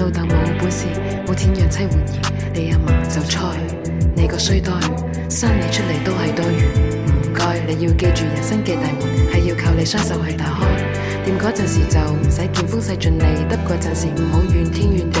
老豆冇本事，冇錢養妻活兒，你阿嫲就催你個衰袋，生你出嚟都係多餘。唔該，你要記住，人生嘅大門係要靠你雙手去打開。掂嗰陣時就唔使見風使盡利，得嗰陣時唔好怨天怨地。